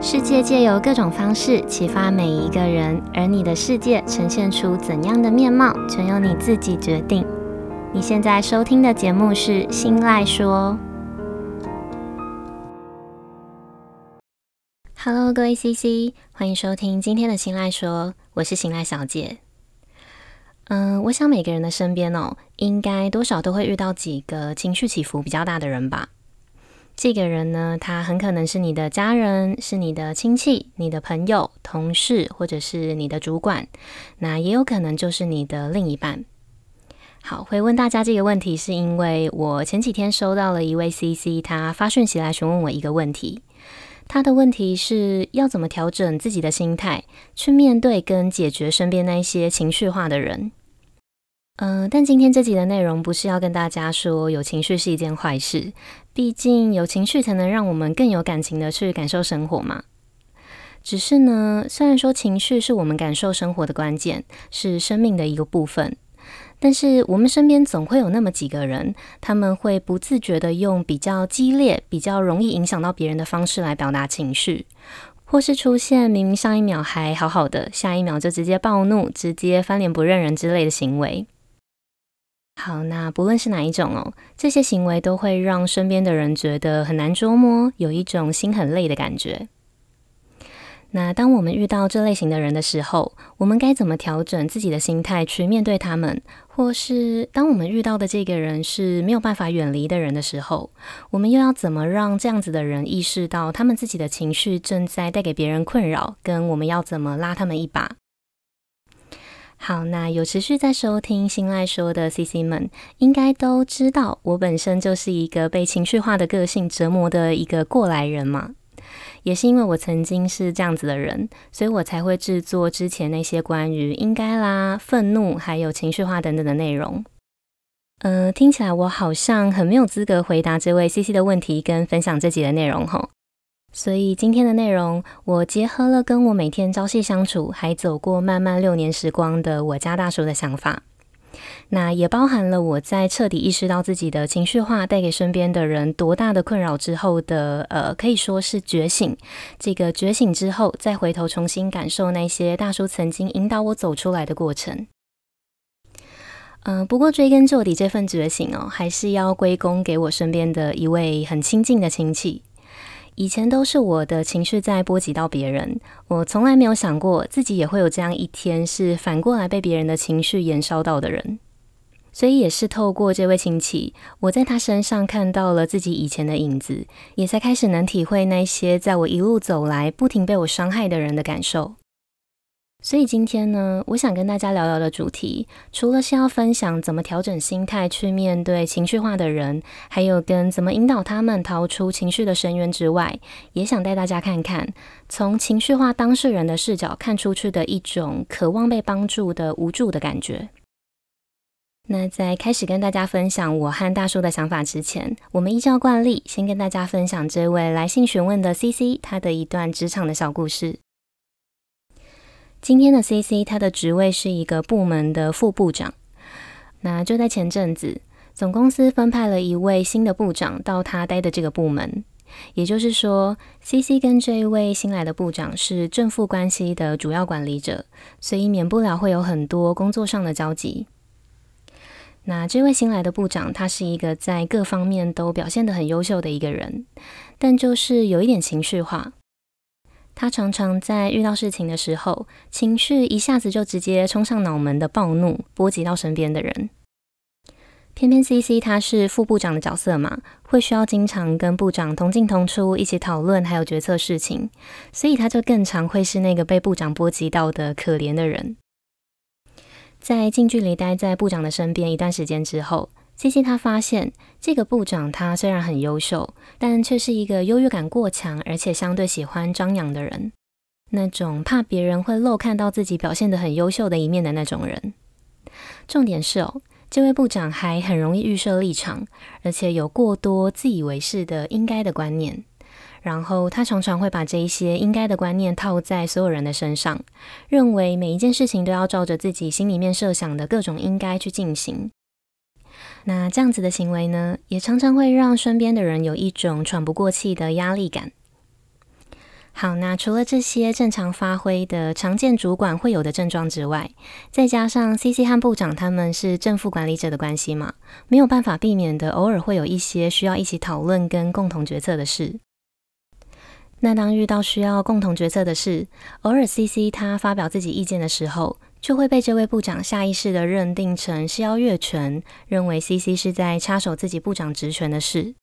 世界借由各種方式啟發每一個人，而你的世界呈現出怎樣的面貌，全由你自己決定。你現在收聽的節目是《心賴說》。Hello，各位 C C，歡迎收聽今天的《心賴說》，我是心賴小姐。嗯、呃，我想每個人的身邊哦，應該多少都會遇到幾個情緒起伏比較大的人吧。這個人呢，他很可能是你的家人、是你的親戚、你的朋友、同事，或者是你的主管。那也有可能就是你的另一半。好，會問大家這個問題，是因為我前幾天收到了一位 CC，他發訊息來詢問我一個問題。他的問題是要怎麼調整自己的心態，去面對跟解決身邊那一些情緒化的人。嗯、呃，但今天這集的內容不是要跟大家說有情緒是一件壞事。畢竟有情緒才能讓我們更有感情的去感受生活嘛。只是呢，雖然說情緒是我們感受生活的關鍵，是生命的一個部分，但是我們身邊總會有那麼幾個人，他們會不自覺的用比較激烈、比較容易影響到別人的方式來表達情緒，或是出現明明上一秒還好好的，下一秒就直接暴怒、直接翻臉不認人之類的行為。好，那不論是哪一種哦，這些行為都會讓身邊的人覺得很難捉摸，有一種心很累的感覺。那當我們遇到這類型的人的時候，我們該怎麼調整自己的心態去面對他們？或是當我們遇到的這個人是沒有辦法遠離的人的時候，我們又要怎麼讓這樣子的人意識到他們自己的情緒正在帶給別人困擾，跟我們要怎麼拉他們一把？好，那有持續在收聽心賴說的 C C 們，應該都知道我本身就是一個被情緒化的個性折磨的一個過來人嘛。也是因為我曾經是這樣子的人，所以我才會制作之前那些關於應該啦、憤怒還有情緒化等等的內容。嗯、呃，聽起來我好像很沒有資格回答這位 C C 的問題跟分享這集的內容吼。所以今天的內容，我結合了跟我每天朝夕相處，還走過漫漫六年時光的我家大叔的想法，那也包含了我在徹底意識到自己的情緒化帶給身邊的人多大的困擾之後的，呃，可以說是覺醒。這個覺醒之後，再回頭重新感受那些大叔曾經引導我走出來的過程。嗯、呃，不過追根究底，這份覺醒哦，還是要歸功給我身邊的一位很親近的親戚。以前都是我的情緒在波及到別人，我從來沒有想過自己也會有這樣一天，是反過來被別人的情緒延燒到的人。所以也是透過這位親戚，我在他身上看到了自己以前的影子，也才開始能體會那些在我一路走來不停被我傷害的人的感受。所以今天呢，我想跟大家聊聊的主題，除了是要分享怎麼調整心態去面對情緒化的人，還有跟怎麼引導他們逃出情緒的深淵之外，也想帶大家看看從情緒化當事人的視角看出去的一種渴望被幫助的無助的感覺。那在開始跟大家分享我和大叔的想法之前，我們依照慣例先跟大家分享這位來信詢問的 CC 他的一段職場的小故事。今天的 CC，他的職位是一個部門的副部長。那就在前陣子，總公司分派了一位新的部長到他待的這個部門，也就是說，CC 跟這一位新來的部長是正副關係的主要管理者，所以免不了會有很多工作上的交集。那這位新來的部長，他是一個在各方面都表現得很優秀的一個人，但就是有一點情緒化。他常常在遇到事情的時候，情緒一下子就直接衝上腦門的暴怒，波及到身邊的人。偏偏 CC 他是副部長的角色嘛，會需要經常跟部長同進同出，一起討論還有決策事情，所以他就更常會是那個被部長波及到的可憐的人。在近距離待在部長的身邊一段時間之後。最近他發現，這個部長他雖然很優秀，但卻是一個優越感過強，而且相對喜歡張揚的人。那種怕別人會漏看到自己表現得很優秀的一面的那種人。重點是哦，這位部長還很容易預設立場，而且有過多自以為是的應該的觀念。然後他常常會把這一些應該的觀念套在所有人的身上，認為每一件事情都要照着自己心裡面設想的各種應該去進行。那這樣子的行為呢，也常常會讓身邊的人有一種喘不過氣的壓力感。好，那除了這些正常發揮的常見主管會有的症狀之外，再加上 CC 和部長他們是正副管理者的關係嘛，沒有辦法避免的，偶爾會有一些需要一起討論跟共同決策的事。那當遇到需要共同決策的事，偶爾 CC 他發表自己意見的時候。就會被這位部長下意識的認定成是要越權，認為 C C 是在插手自己部長職權的事。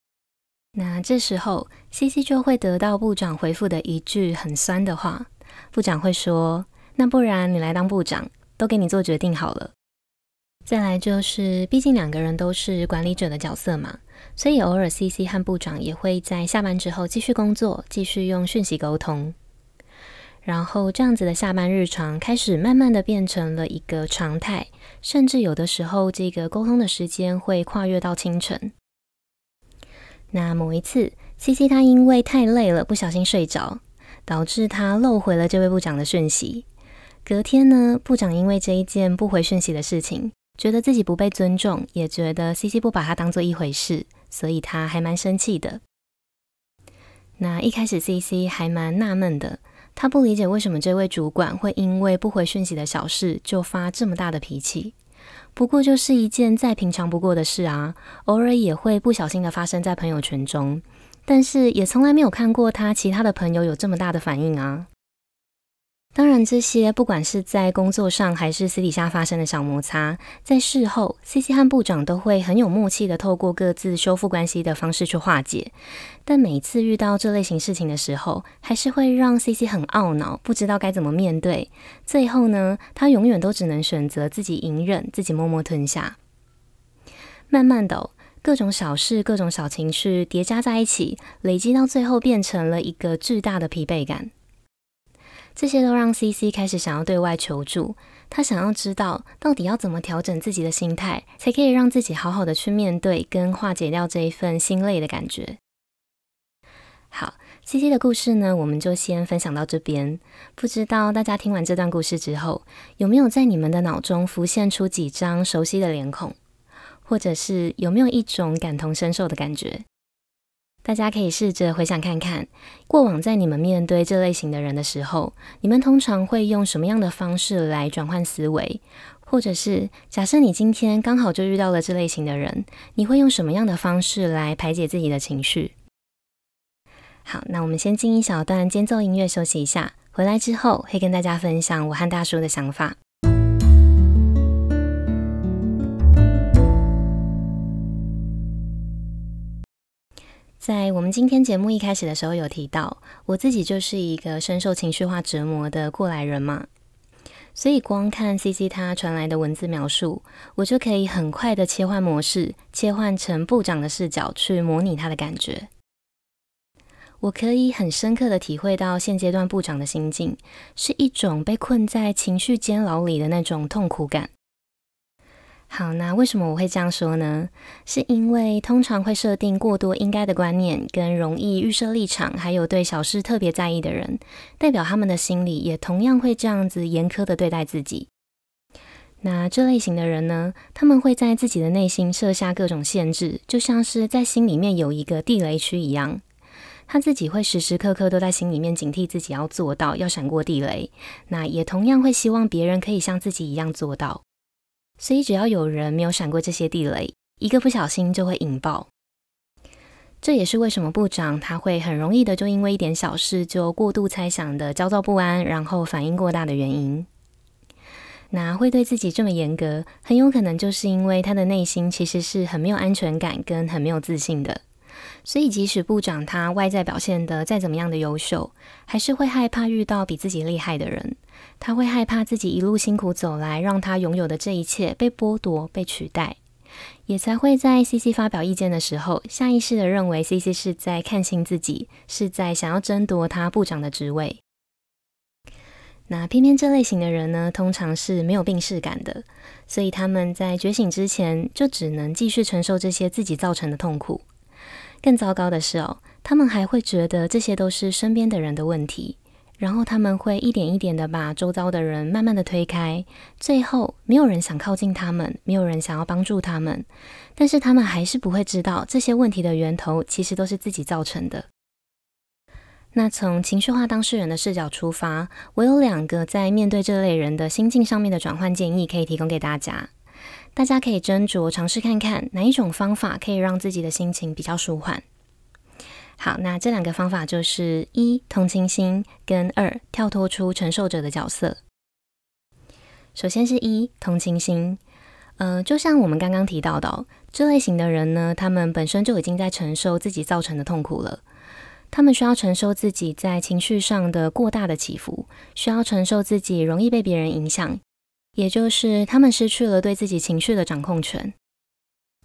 那這時候 C C 就會得到部長回復的一句很酸的話，部長會說：“那不然你來當部長，都給你做決定好了。”再來就是，畢竟兩個人都是管理者的角色嘛，所以偶爾 C C 和部長也會在下班之後繼續工作，繼續用訊息溝通。然後這樣子的下班日常開始慢慢的變成了一個常態，甚至有的時候這個溝通的時間會跨越到清晨。那某一次，CC 他因為太累了，不小心睡着，導致他漏回了這位部長的訊息。隔天呢，部長因為這一件不回訊息的事情，覺得自己不被尊重，也覺得 CC 不把他當做一回事，所以他還蠻生氣的。那一開始 CC 還蠻納悶的。他不理解為什麼這位主管會因為不回訊息的小事就發這麼大的脾氣。不過就是一件再平常不過的事啊，偶爾也會不小心的發生在朋友圈中。但是也從來沒有看過他其他的朋友有這麼大的反應啊。當然，這些不管是在工作上還是私底下發生的小摩擦，在事後，CC 和部長都會很有默契的透過各自修復關係的方式去化解。但每次遇到這類型事情的時候，還是會讓 CC 很懊惱，不知道該怎麼面對。最後呢，他永遠都只能選擇自己隱忍，自己默默吞下。慢慢的、哦，各種小事、各種小情緒疊加在一起，累積到最後，變成了一個巨大的疲憊感。這些都讓 CC 開始想要對外求助，他想要知道到底要怎麼調整自己的心態，才可以讓自己好好的去面對跟化解掉這一份心累的感覺。好，CC 的故事呢，我們就先分享到這邊。不知道大家聽完這段故事之後，有沒有在你們的腦中浮現出幾張熟悉的臉孔，或者是有沒有一種感同身受的感覺？大家可以試着回想看看，過往在你們面對這類型的人的時候，你們通常會用什麼樣的方式來轉換思維？或者是假設你今天剛好就遇到了這類型的人，你會用什麼樣的方式來排解自己的情緒？好，那我們先進一小段間奏音樂休息一下，回來之後會跟大家分享我和大叔的想法。在我們今天節目一開始的時候有提到，我自己就是一個深受情緒化折磨的過來人嘛，所以光看 CC 他傳來的文字描述，我就可以很快的切換模式，切換成部長的視角去模擬他的感覺。我可以很深刻的體會到現階段部長的心境，是一種被困在情緒監牢裡的那種痛苦感。好，那為什麼我會這樣說呢？是因為通常會設定過多應該的觀念，跟容易預設立場，還有對小事特別在意的人，代表他們的心理也同樣會這樣子嚴苛的對待自己。那這類型的人呢，他們會在自己的內心設下各種限制，就像是在心裡面有一個地雷區一樣。他自己會時時刻刻都在心裡面警惕自己要做到，要閃過地雷。那也同樣會希望別人可以像自己一樣做到。所以，只要有人沒有閃過這些地雷，一個不小心就會引爆。這也是為什麼部長他會很容易的就因為一點小事就過度猜想的焦躁不安，然後反應過大的原因。那會對自己這麼嚴格，很有可能就是因為他的內心其實是很沒有安全感跟很沒有自信的。所以，即使部長他外在表現得再怎麼樣的優秀，還是會害怕遇到比自己厲害的人。他會害怕自己一路辛苦走來，讓他擁有的這一切被剝奪、被取代，也才會在 C C 發表意見的時候，下意識地認為 C C 是在看輕自己，是在想要爭奪他部長的職位。那偏偏這類型的人呢，通常是沒有病識感的，所以他們在覺醒之前，就只能繼續承受這些自己造成的痛苦。更糟糕的是哦，他們還會覺得這些都是身邊的人的問題，然後他們會一點一點的把周遭的人慢慢的推開，最後沒有人想靠近他們，沒有人想要幫助他們，但是他們還是不會知道這些問題的源頭其實都是自己造成的。那從情緒化當事人的視角出發，我有兩個在面對這類人的心境上面的轉換建議可以提供給大家。大家可以斟酌嘗試看看哪一種方法可以讓自己的心情比較舒緩。好，那這兩個方法就是一、同情心，跟二、跳脫出承受者的角色。首先是一、同情心，呃，就像我們剛剛提到的、哦，這類型的人呢，他們本身就已經在承受自己造成的痛苦了，他們需要承受自己在情緒上的過大的起伏，需要承受自己容易被別人影響，也就是他們失去了對自己情緒的掌控權。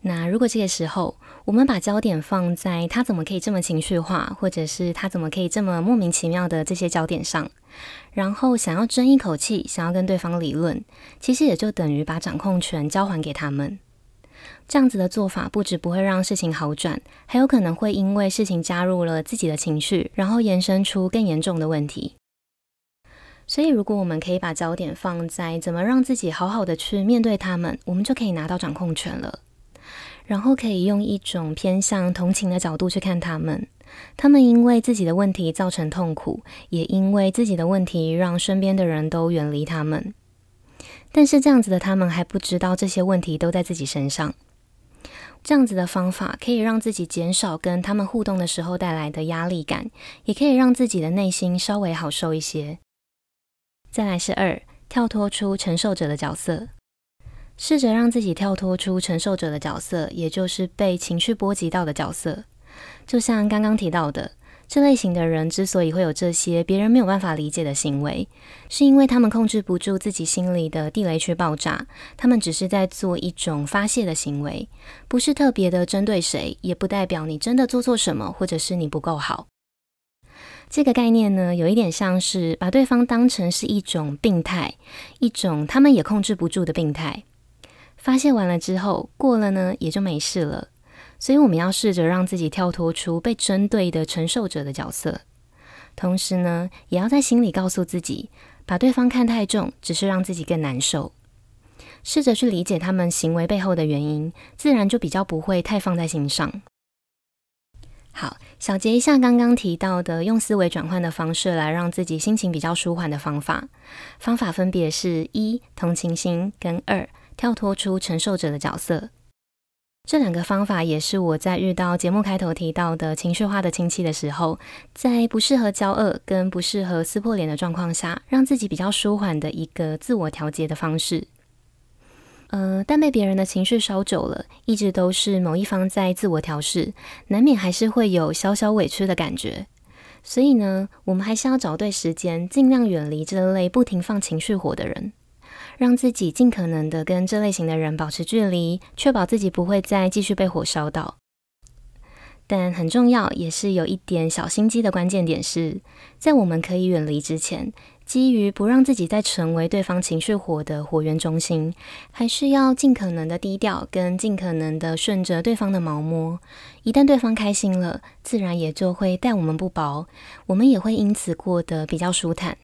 那如果這個時候我們把焦點放在他怎麼可以這麼情緒化，或者是他怎麼可以這麼莫名其妙的這些焦點上，然後想要爭一口氣，想要跟對方理論，其實也就等於把掌控權交還給他們。這樣子的做法不只不會讓事情好轉，還有可能會因為事情加入了自己的情緒，然後延伸出更嚴重的問題。所以，如果我們可以把焦點放在怎麼讓自己好好的去面對他們，我們就可以拿到掌控權了。然後可以用一種偏向同情的角度去看他們。他們因為自己的問題造成痛苦，也因為自己的問題讓身邊的人都遠離他們。但是這樣子的他們還不知道這些問題都在自己身上。這樣子的方法可以讓自己減少跟他們互動的時候帶來的壓力感，也可以讓自己的內心稍微好受一些。再來是二，跳脫出承受者的角色，試着讓自己跳脫出承受者的角色，也就是被情緒波及到的角色。就像剛剛提到的，這類型的人之所以會有這些別人沒有辦法理解的行為，是因為他們控制不住自己心裡的地雷去爆炸，他們只是在做一種發洩的行為，不是特別的針對誰，也不代表你真的做錯什麼，或者是你不夠好。這個概念呢，有一點像是把對方當成是一種病態，一種他們也控制不住的病態。發泄完了之後，過了呢，也就沒事了。所以我們要試着讓自己跳脫出被針對的承受者的角色，同時呢，也要在心裡告訴自己，把對方看太重，只是讓自己更難受。試着去理解他們行為背後的原因，自然就比較不會太放在心上。好，小結一下剛剛提到的用思維轉換的方式來讓自己心情比較舒緩的方法。方法分別是：一，同情心；跟二，跳脫出承受者的角色。這兩個方法也是我在遇到節目開頭提到的情緒化的親戚的時候，在不適合交惡跟不適合撕破臉的狀況下，讓自己比較舒緩的一個自我調節的方式。呃，但被別人的情緒燒久了，一直都是某一方在自我調適，難免還是會有小小委屈的感覺。所以呢，我們還是要找對時間，盡量遠離這類不停放情緒火的人，讓自己盡可能的跟這類型的人保持距離，確保自己不會再繼續被火燒到。但很重要，也是有一點小心機的關鍵點是在我們可以遠離之前。基於不讓自己再成為對方情緒火的火源中心，還是要儘可能的低調，跟儘可能的順着對方的毛摸。一旦對方開心了，自然也就會待我們不薄，我們也會因此過得比較舒坦。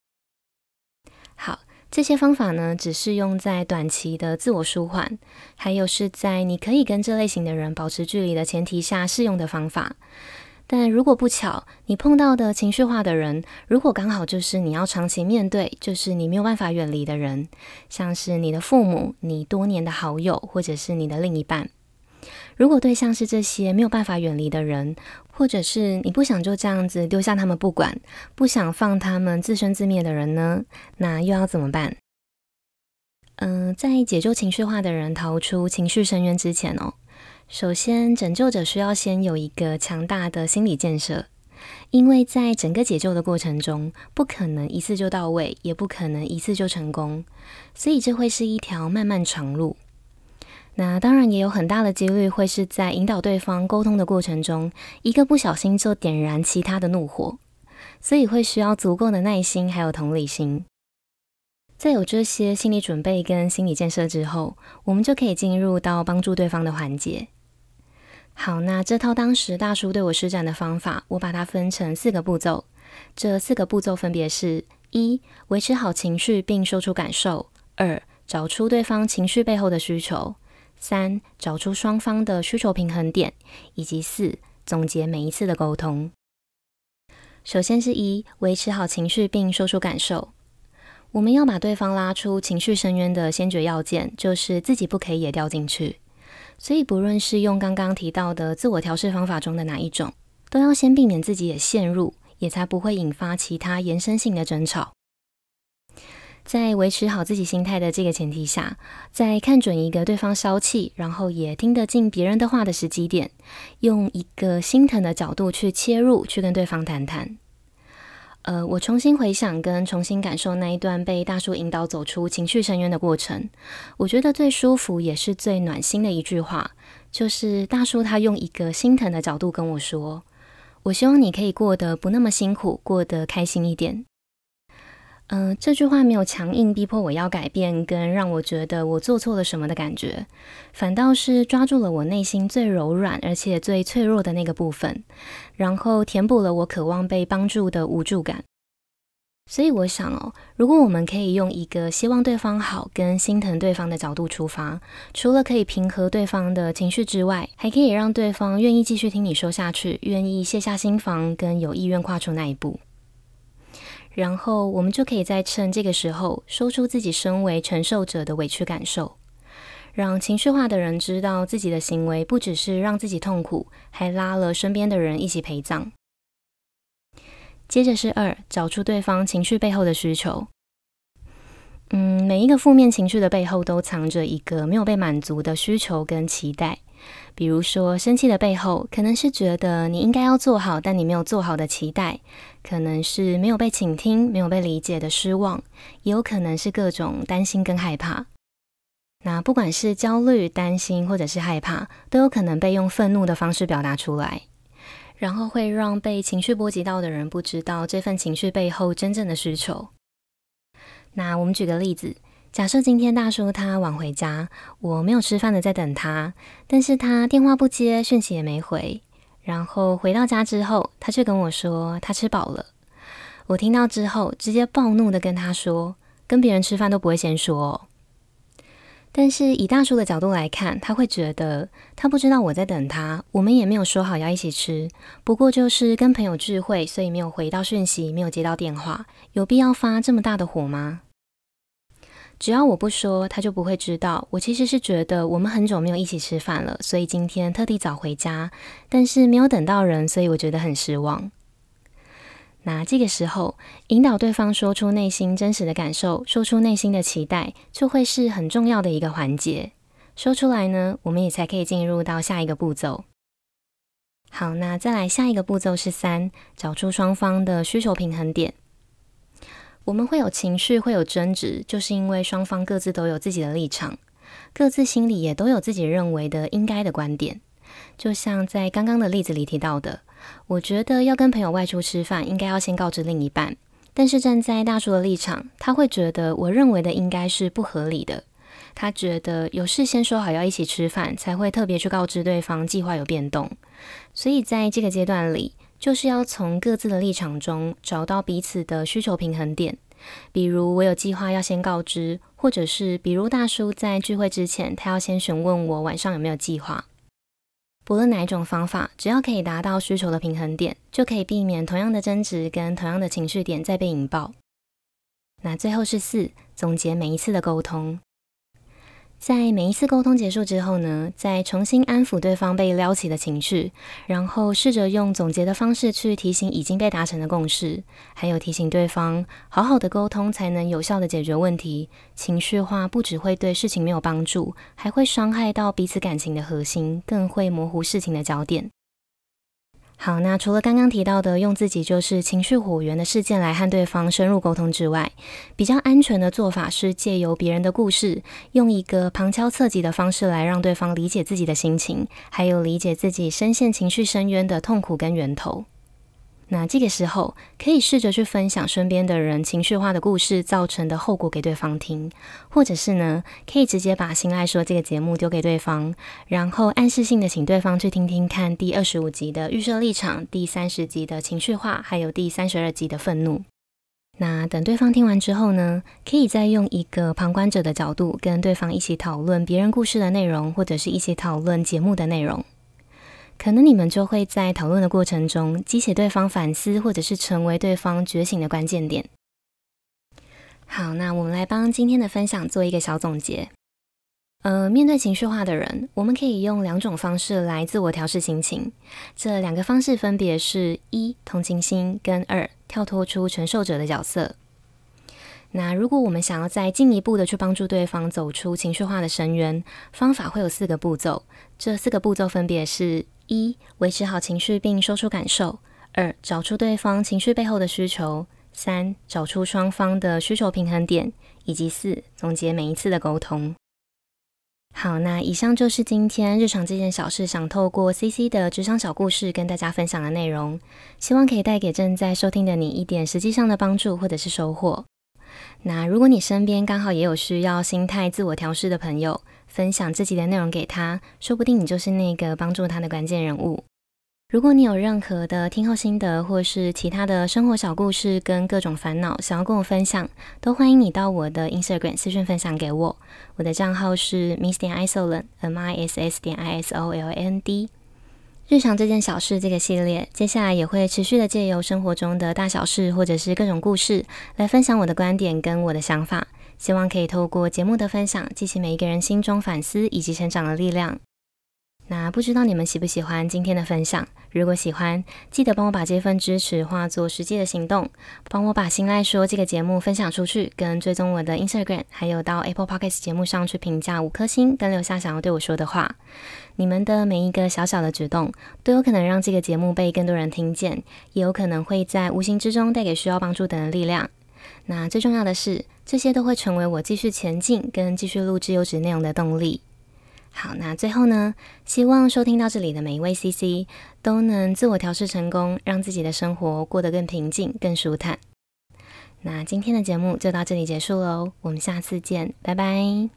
好，這些方法呢，只適用在短期的自我舒緩，還有是在你可以跟這類型的人保持距離的前提下適用的方法。但如果不巧，你碰到的情緒化的人，如果剛好就是你要長期面對，就是你沒有辦法遠離的人，像是你的父母、你多年的好友，或者是你的另一半。如果對象是這些沒有辦法遠離的人，或者是你不想就這樣子丟下他們不管，不想放他們自生自滅的人呢？那又要怎麼辦？嗯、呃，在解救情緒化的人逃出情緒深淵之前哦。首先，拯救者需要先有一個強大的心理建設，因為在整個解救的過程中，不可能一次就到位，也不可能一次就成功，所以這會是一條漫漫長路。那當然也有很大的幾率會是在引導對方溝通的過程中，一個不小心就點燃其他的怒火，所以會需要足夠的耐心還有同理心。在有這些心理準備跟心理建設之後，我們就可以進入到幫助對方的環節。好，那這套當時大叔對我施展的方法，我把它分成四個步驟。這四個步驟分別是：一、維持好情緒並說出感受；二、找出對方情緒背後的需求；三、找出雙方的需求平衡點；以及四、總結每一次的溝通。首先是一、維持好情緒並說出感受。我們要把對方拉出情緒深淵的先決要件，就是自己不可以也掉進去。所以，不論是用剛剛提到的自我調適方法中的哪一種，都要先避免自己也陷入，也才不會引發其他延伸性的爭吵。在維持好自己心態的這個前提下，在看準一個對方消氣，然後也聽得進別人的話的時機點，用一個心疼的角度去切入，去跟對方談談。呃，我重新回想跟重新感受那一段被大叔引導走出情緒深淵的過程，我覺得最舒服也是最暖心的一句話，就是大叔他用一個心疼的角度跟我說：“我希望你可以過得不那麼辛苦，過得開心一點。”嗯、呃，這句話沒有強硬逼迫我要改變，跟讓我覺得我做錯了什麼的感覺，反倒是抓住了我內心最柔軟而且最脆弱的那個部分，然後填補了我渴望被幫助的無助感。所以我想哦，如果我們可以用一個希望對方好跟心疼對方的角度出發，除了可以平和對方的情緒之外，還可以讓對方願意繼續聽你說下去，願意卸下心防，跟有意願跨出那一步。然後我們就可以再趁這個時候，說出自己身為承受者的委屈感受，讓情緒化的人知道自己的行為不只是讓自己痛苦，還拉了身邊的人一起陪葬。接着是二，找出對方情緒背後的需求。嗯，每一個負面情緒的背後都藏着一個沒有被滿足的需求跟期待。比如說，生氣的背後可能是覺得你應該要做好，但你沒有做好的期待；可能是沒有被傾聽、沒有被理解的失望；也有可能是各種擔心跟害怕。那不管是焦慮、擔心，或者是害怕，都有可能被用憤怒的方式表達出來，然後會讓被情緒波及到的人不知道這份情緒背後真正的需求。那我們舉個例子。假設今天大叔他晚回家，我沒有吃飯的在等他，但是他電話不接，訊息也沒回，然後回到家之後，他卻跟我說他吃飽了。我聽到之後，直接暴怒的跟他說，跟別人吃飯都不會先說哦。但是以大叔的角度來看，他會覺得他不知道我在等他，我們也沒有說好要一起吃，不過就是跟朋友聚會，所以沒有回到訊息，沒有接到電話，有必要發這麼大的火嗎？只要我不說，他就不會知道。我其實是覺得我們很久沒有一起吃飯了，所以今天特地早回家，但是沒有等到人，所以我覺得很失望。那這個時候，引導對方說出內心真實的感受，說出內心的期待，就會是很重要的一個環節。說出來呢，我們也才可以進入到下一個步驟。好，那再來下一個步驟是三，找出雙方的需求平衡點。我們會有情緒，會有爭執，就是因為雙方各自都有自己的立場，各自心裡也都有自己認為的應該的觀點。就像在剛剛的例子裡提到的，我覺得要跟朋友外出吃飯，應該要先告知另一半。但是站在大叔的立場，他會覺得我認為的應該是不合理的。他覺得有事先說好要一起吃飯，才會特別去告知對方計劃有變動。所以在這個階段裡，就是要從各自的立場中找到彼此的需求平衡點，比如我有計劃要先告知，或者是比如大叔在聚會之前，他要先詢問我晚上有沒有計劃。不論哪一種方法，只要可以達到需求的平衡點，就可以避免同樣的爭執跟同樣的情緒點再被引爆。那最後是四，總結每一次的溝通。在每一次溝通結束之後呢，再重新安撫對方被撩起的情緒，然後試着用總結的方式去提醒已經被達成的共識，還有提醒對方，好好的溝通才能有效的解決問題。情緒化不只會對事情沒有幫助，還會傷害到彼此感情的核心，更會模糊事情的焦點。好，那除了剛剛提到的用自己就是情緒火源的事件來和對方深入溝通之外，比較安全的做法是借由別人的故事，用一個旁敲側擊的方式來讓對方理解自己的心情，還有理解自己深陷情緒深淵的痛苦跟源頭。那這個時候，可以試着去分享身邊的人情緒化的故事造成的後果給對方聽，或者是呢，可以直接把心賴說這個節目丟給對方，然後暗示性的請對方去聽聽看第二十五集的預設立場、第三十集的情緒化，還有第三十二集的憤怒。那等對方聽完之後呢，可以再用一個旁觀者的角度跟對方一起討論別人故事的內容，或者是一起討論節目的內容。可能你們就會在討論的過程中激起對方反思，或者是成為對方覺醒的關鍵點。好，那我們來幫今天的分享做一個小總結。呃，面對情緒化的人，我們可以用兩種方式來自我調適心情。這兩個方式分別是：一、同情心；跟二、跳脫出承受者的角色。那如果我們想要再進一步的去幫助對方走出情緒化的深淵，方法會有四個步驟。這四個步驟分別是：一、維持好情緒並說出感受；二、找出對方情緒背後的需求；三、找出雙方的需求平衡點；以及四、總結每一次的溝通。好，那以上就是今天日常這件小事，想透過 CC 的職場小故事跟大家分享的內容，希望可以帶給正在收聽的你一點實際上的幫助或者是收穫。那如果你身邊剛好也有需要心態自我調試的朋友，分享自己的內容給他，說不定你就是那個幫助他的關鍵人物。如果你有任何的聽後心得或是其他的生活小故事跟各種煩惱想要跟我分享，都歡迎你到我的 Instagram 私訊分享給我。我的賬號是 miss 點 isoland m i s s 點 i s o l a n d。日常這件小事這個系列，接下來也會持續的借由生活中的大小事，或者是各種故事，來分享我的觀點跟我的想法。希望可以透過節目的分享，激起每一個人心中反思以及成長的力量。那不知道你們喜不喜歡今天的分享？如果喜歡，記得幫我把這份支持化作實際的行動，幫我把心賴說這個節目分享出去，跟追蹤我的 Instagram，還有到 Apple Podcast 節目上去評價五顆星，跟留下想要對我說的話。你們的每一個小小的舉動，都有可能讓這個節目被更多人聽見，也有可能會在無形之中帶給需要幫助等的力量。那最重要的是，這些都會成為我繼續前進跟繼續錄制優質內容的動力。好，那最後呢，希望收聽到這裡的每一位 CC 都能自我調適成功，讓自己的生活過得更平靜、更舒坦。那今天的節目就到這裡結束嘍，哦，我們下次見，拜拜。